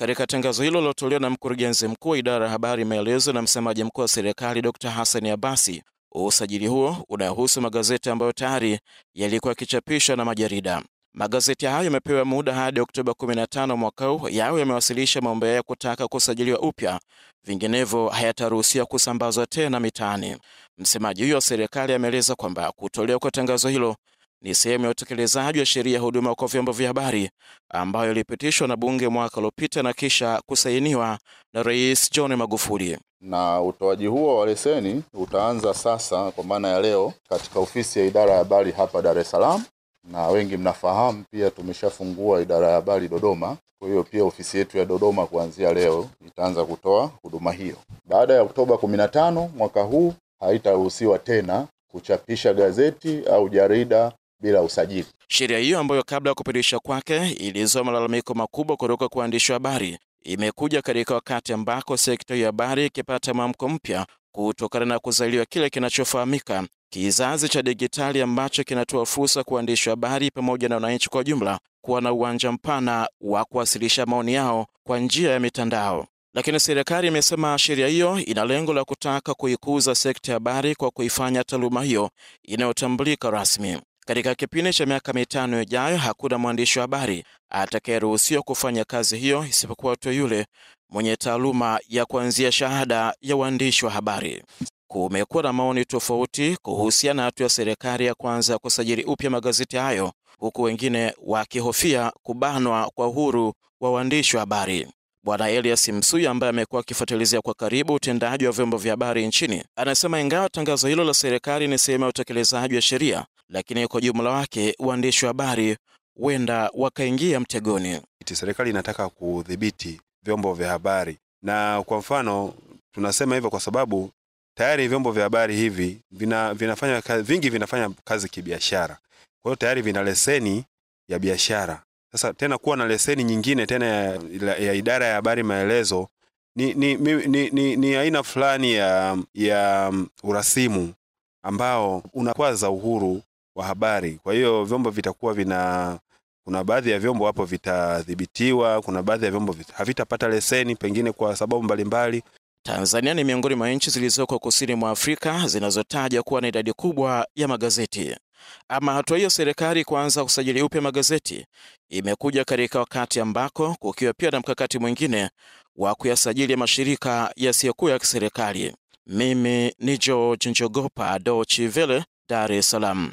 Katika tangazo hilo lilotolewa na mkurugenzi mkuu wa idara ya habari, maelezo na msemaji mkuu wa serikali Dr Hassan Abasi, usajili huo unayohusu magazeti ambayo tayari yalikuwa yakichapishwa na majarida. Magazeti hayo yamepewa muda hadi Oktoba 15 mwaka huu yao yamewasilisha maombi yao ya kutaka kusajiliwa upya, vinginevyo hayataruhusiwa kusambazwa tena mitaani. Msemaji huyo wa serikali ameeleza kwamba kutolewa kwa tangazo hilo ni sehemu ya utekelezaji wa sheria ya huduma kwa vyombo vya habari ambayo ilipitishwa na bunge mwaka uliopita na kisha kusainiwa na Rais John Magufuli. Na utoaji huo wa leseni utaanza sasa kwa maana ya leo katika ofisi ya idara ya habari hapa Dar es Salaam, na wengi mnafahamu pia tumeshafungua idara ya habari Dodoma. Kwa hiyo pia ofisi yetu ya Dodoma kuanzia leo itaanza kutoa huduma hiyo. Baada ya Oktoba 15 mwaka huu haitaruhusiwa tena kuchapisha gazeti au jarida bila usajili. Sheria hiyo ambayo kabla ya kupitishwa kwake ilizoa malalamiko makubwa kutoka kwa waandishi wa habari imekuja katika wakati ambako sekta ya habari ikipata mwamko mpya kutokana na kuzaliwa kile kinachofahamika kizazi cha dijitali ambacho kinatoa fursa kwa waandishi wa habari pamoja na wananchi kwa jumla kuwa na uwanja mpana wa kuwasilisha maoni yao kwa njia ya mitandao. Lakini serikali imesema sheria hiyo ina lengo la kutaka kuikuza sekta ya habari kwa kuifanya taaluma hiyo inayotambulika rasmi. Katika kipindi cha miaka mitano ijayo, hakuna mwandishi wa habari atakayeruhusiwa kufanya kazi hiyo isipokuwa tu yule mwenye taaluma ya kuanzia shahada ya uandishi wa habari. Kumekuwa na maoni tofauti kuhusiana na hatua ya serikali ya kuanza kusajili upya magazeti hayo, huku wengine wakihofia kubanwa kwa uhuru wa uandishi wa habari. Bwana Elias msuy ambaye amekuwa akifuatilizia kwa karibu utendaji wa vyombo vya habari nchini anasema ingawa tangazo hilo la serikali ni sehemu ya utekelezaji wa sheria lakini kwa jumla wake waandishi wa habari huenda wakaingia mtegoni. Serikali inataka kudhibiti vyombo vya habari, na kwa mfano tunasema hivyo kwa sababu tayari vyombo vya habari hivi vina, vinafanya, vingi vinafanya kazi kibiashara, kwa hiyo tayari vina leseni ya biashara. Sasa tena kuwa na leseni nyingine tena ya, ya idara ya habari maelezo ni, ni, ni, ni, ni aina fulani ya, ya urasimu ambao unakwaza uhuru wa habari. Kwa hiyo vyombo vitakuwa vina kuna baadhi ya vyombo hapo vitadhibitiwa, kuna baadhi ya vyombo vita, havitapata leseni pengine kwa sababu mbalimbali. Tanzania ni miongoni mwa nchi zilizoko kusini mwa Afrika zinazotaja kuwa na idadi kubwa ya magazeti. Ama hatua hiyo serikali kuanza kusajili upya magazeti imekuja katika wakati ambako kukiwa pia na mkakati mwingine wa kuyasajili mashirika yasiyokuwa ya kiserikali. Mimi ni George Njogopa, Dochi Vele, Dar es Salaam.